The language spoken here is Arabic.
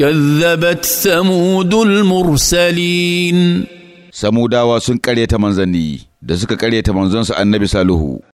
كذبت ثمود المرسلين ثمود واسن قريه منزني da suka ƙaryata manzonsa annabi saluhu